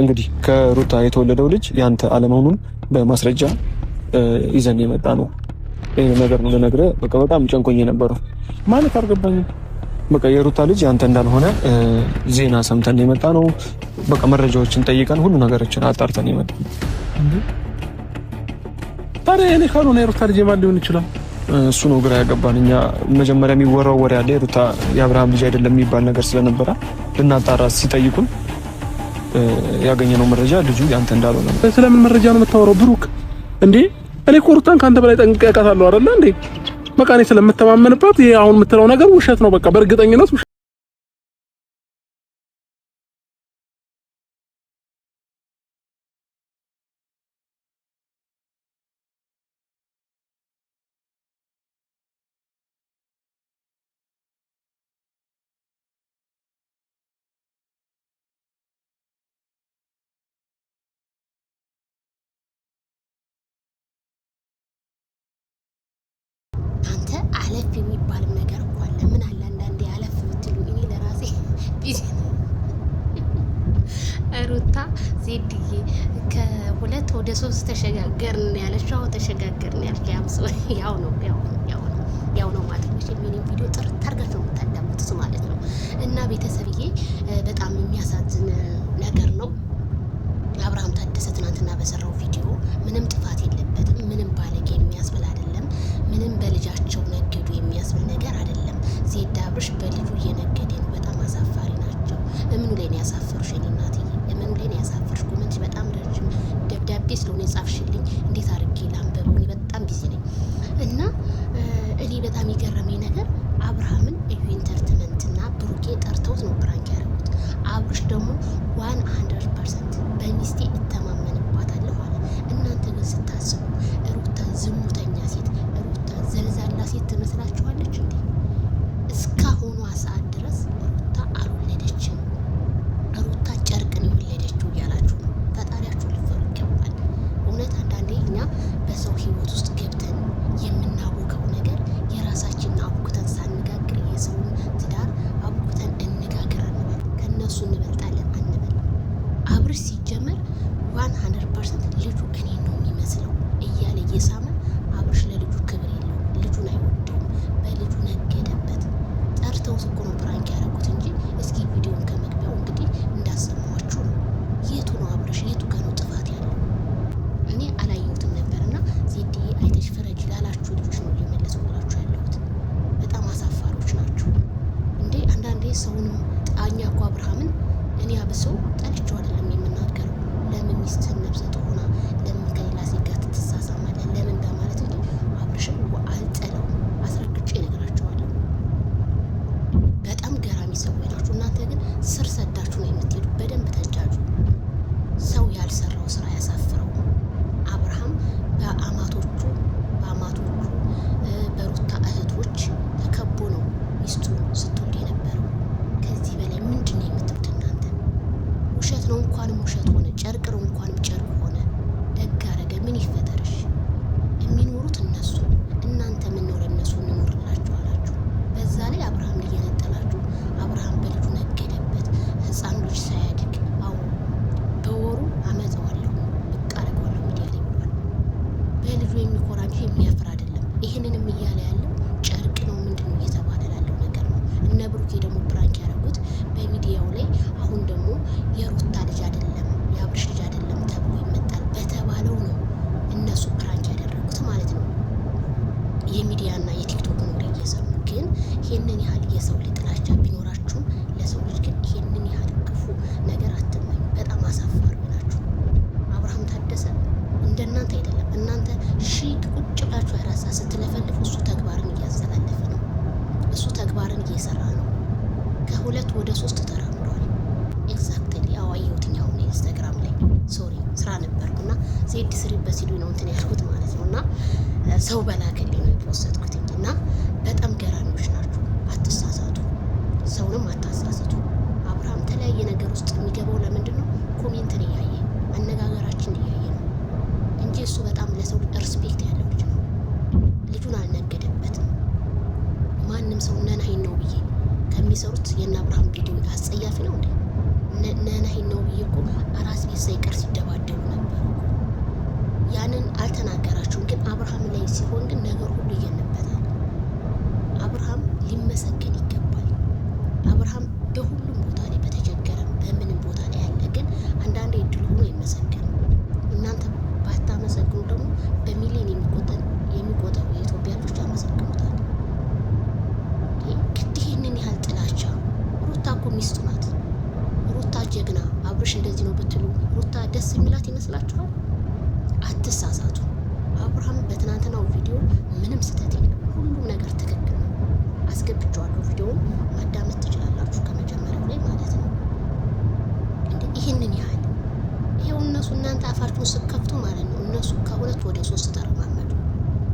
እንግዲህ ከሩታ የተወለደው ልጅ ያንተ አለመሆኑን በማስረጃ ይዘን የመጣ ነው። ይህ ነገር ነው ልነግርህ። በቃ በጣም ጨንቆኝ የነበረው ማለት አልገባኝም። በቃ የሩታ ልጅ ያንተ እንዳልሆነ ዜና ሰምተን የመጣ ነው። በቃ መረጃዎችን ጠይቀን ሁሉ ነገሮችን አጣርተን የመጣ ነው። ታዲያ እኔ ካልሆነ የሩታ ልጅ የማን ሊሆን ይችላል? እሱ ነው ግራ ያገባን። እኛ መጀመሪያ የሚወራው ወሬ ያለ የሩታ የአብርሃም ልጅ አይደለም የሚባል ነገር ስለነበረ ልናጣራ ሲጠይቁን ያገኘነው መረጃ ልጁ ያንተ እንዳልሆነ ነው። ስለምን መረጃ ነው የምታወራው? ብሩክ እንዴ እኔ ኮርታን ካንተ በላይ ጠንቅቄ አውቃታለሁ አይደለ እንዴ? በቃ እኔ ስለምተማመንበት ይሄ አሁን የምትለው ነገር ውሸት ነው። በቃ በእርግጠኝነት አለፍ የሚባል ነገር እኮ አለ። ምን አለ አንዳንዴ አለፍ ብትሉ። እኔ ለራሴ ቢዜ ሩታ ዜድዬ ከሁለት ወደ ሶስት ተሸጋገርን ያለች ሁ ተሸጋገርን ያምስ ያው ነው ያው ያው ነው ያው ነው ማለት ነው። ሚኒም ቪዲዮ ጥርት አድርጋችሁ ነው የምታዳምጡት ማለት ነው እና ቤተሰብዬ እምኑ ላይ ነው ያሳፈርሽኝ የእኔ እናትዬ እምኑ ላይ ነው ያሳፈርሽ? ኮመንትሽ በጣም ረጅም ደብዳቤ ስለሆነ የጻፍሽልኝ እንዴት አድርጌ ላንብበው? እኔ በጣም ቢዚ ነኝ እና እኔ በጣም የገረመኝ ነገር አብርሃምን እዩ ኢንተርትመንት ኢንተርትመንትና ብሩኬ ጠርተውት ነው ብራንክ ያደረጉት። አብርሽ ደግሞ ዋን ሀንድረድ ፐርሰንት በሚስቴ እተማመንባታለሁ አለ። እናንተ ግን ስታስቡ ሩታ ዝሙተኛ ሴት፣ ሩታ ዘልዛላ ሴት ትመስላችኋለች እንዴ እስካሁኗ ሰዓት እሱ እንበልጣለን አንበል። አብርሽ ሲጀመር ዋን ሀንድረድ ፐርሰንት ልጁ ሰውንም ጣኛ እኮ አብርሃምን እኔ አብሰው ጠልቼው አይደለም የምናገረው። ለምን ሚስትህን ነብሰ ጡር ሆና ለምን ከሌላ ሴት ጋር ትተሳሳማለህ? ለምን በማለት እንጂ አብርሽም አልጠለውም። አስረግጬ እነግራቸዋለሁ። በጣም ገራሚ ሰው ናችሁ እናንተ። ግን ስር ሰዳችሁ ነው የምትሄዱ። በደንብ ተጃጁ። ሰው ያልሰራው ስራ ያሳፍረው። አብርሃም በአማቶች የሰው ልጅ ጥላቻ ቢኖራችሁ ለሰው ልጅ ግን ይሄንን ያህል ክፉ ነገር አትመኙ። በጣም አሳፋሪ ናችሁ። አብርሃም ታደሰ እንደ እናንተ አይደለም። እናንተ ሺ ቁጭ ብላችሁ ያራሳ ስትለፈልፍ፣ እሱ ተግባርን እያስተላለፈ ነው። እሱ ተግባርን እየሰራ ነው። ከሁለት ወደ ሶስት ተራምዷል። ኤግዛክትሊ ያው አየሁትኛው ኢንስታግራም ላይ ሶሪ ስራ ነበርኩና ዜድ ስሪ በሲዱ ነው እንትን ያልኩት ማለት ነው እና ሰው በላክልኝ ነው የፖስትኩት ማንም ሰው ነናሂን ነው ብዬ ከሚሰሩት የእነ አብርሃም ቪዲዮ አስጸያፊ ነው እንዴ? ነናሂን ነው ብዬ እኮ አራስ ቤት ሳይቀር ሲደባደቡ ነበር። ያንን አልተናገራችሁም፣ ግን አብርሃም ላይ ሲሆን ግን ነገር ሁሉ እየነበታል። አብርሃም ሊመሰገን ይገባል። አብርሃም በሁሉ ይመስላችኋል? አትሳሳቱ። አብርሃም በትናንትናው ቪዲዮ ምንም ስህተት የለም። ሁሉም ነገር ትክክል ነው። አስገብቼዋለሁ። ቪዲዮውን ማዳመጥ ትችላላችሁ ከመጀመሪያው ላይ ማለት ነው። እንደ ይህንን ያህል ይሄው እነሱ እናንተ አፋችሁን ስከፍቱ ማለት ነው እነሱ ከሁለት ወደ ሶስት ተረማመዱ።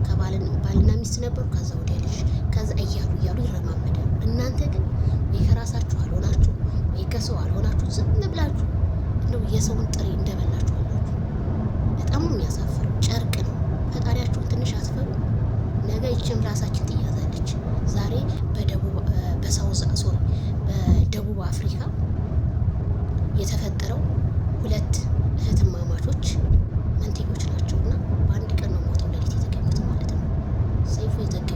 ከባልና ሚስት ነበሩ፣ ከዛ ወደ ልጅ፣ ከዛ እያሉ እያሉ ይረማመዳሉ። እናንተ ግን ወይ ከራሳችሁ አልሆናችሁ ወይ ከሰው አልሆናችሁ ዝም ብላችሁ እንደው የሰውን ጥሪ እንደበላችሁ በጣም የሚያሳፍር ጨርቅ ነው። ፈጣሪያችሁን ትንሽ አስፈሩ። ነገ ይችም ራሳችን ትያዛለች። ዛሬ በደቡብ በሳውዝ ሶሪ በደቡብ አፍሪካ የተፈጠረው ሁለት እህትማማቾች መንትዮች ናቸው እና በአንድ ቀን ነው ሞተው ሌሊት የተገኙት ማለት ነው። ሰይፉ የዘገ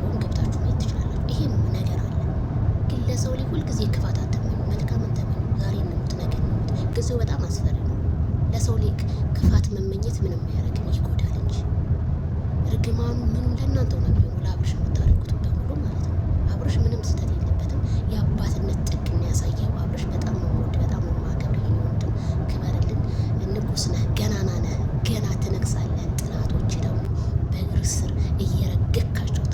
የሚያረግም ይጎዳለች። እርግማኑ ምኑም ለእናንተው ነው የሚሆኑ ለአብርሽ የምታደርጉት በሙሉ ማለት ነው። አብርሽ ምንም ስህተት የለበትም። የአባትነት ጥግ የሚያሳየው አብርሽ በጣም ነው ወድ በጣም ነው ማከብር ወንድም፣ ክበርልን። ንጉስ ነህ፣ ገናና ነህ፣ ገና ትነግሳለህ። ጥላቶች ደግሞ በእግር ስር እየረገካቸው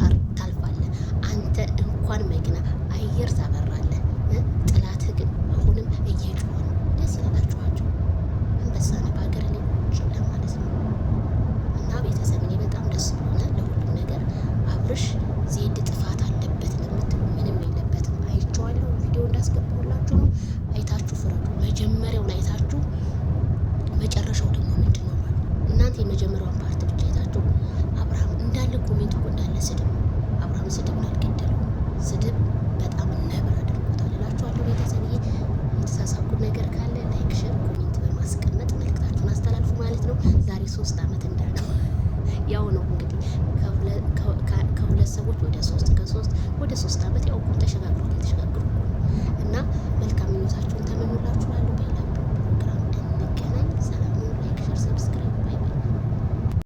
ሆነው እንግዲህ ከሁለት ሰዎች ወደ ሶስት ከሶስት ወደ ሶስት አመት ያው ተሸጋግሩ ተሸጋግሩ እና መልካም ምኞታችሁን ተመኙላችኋለሁ።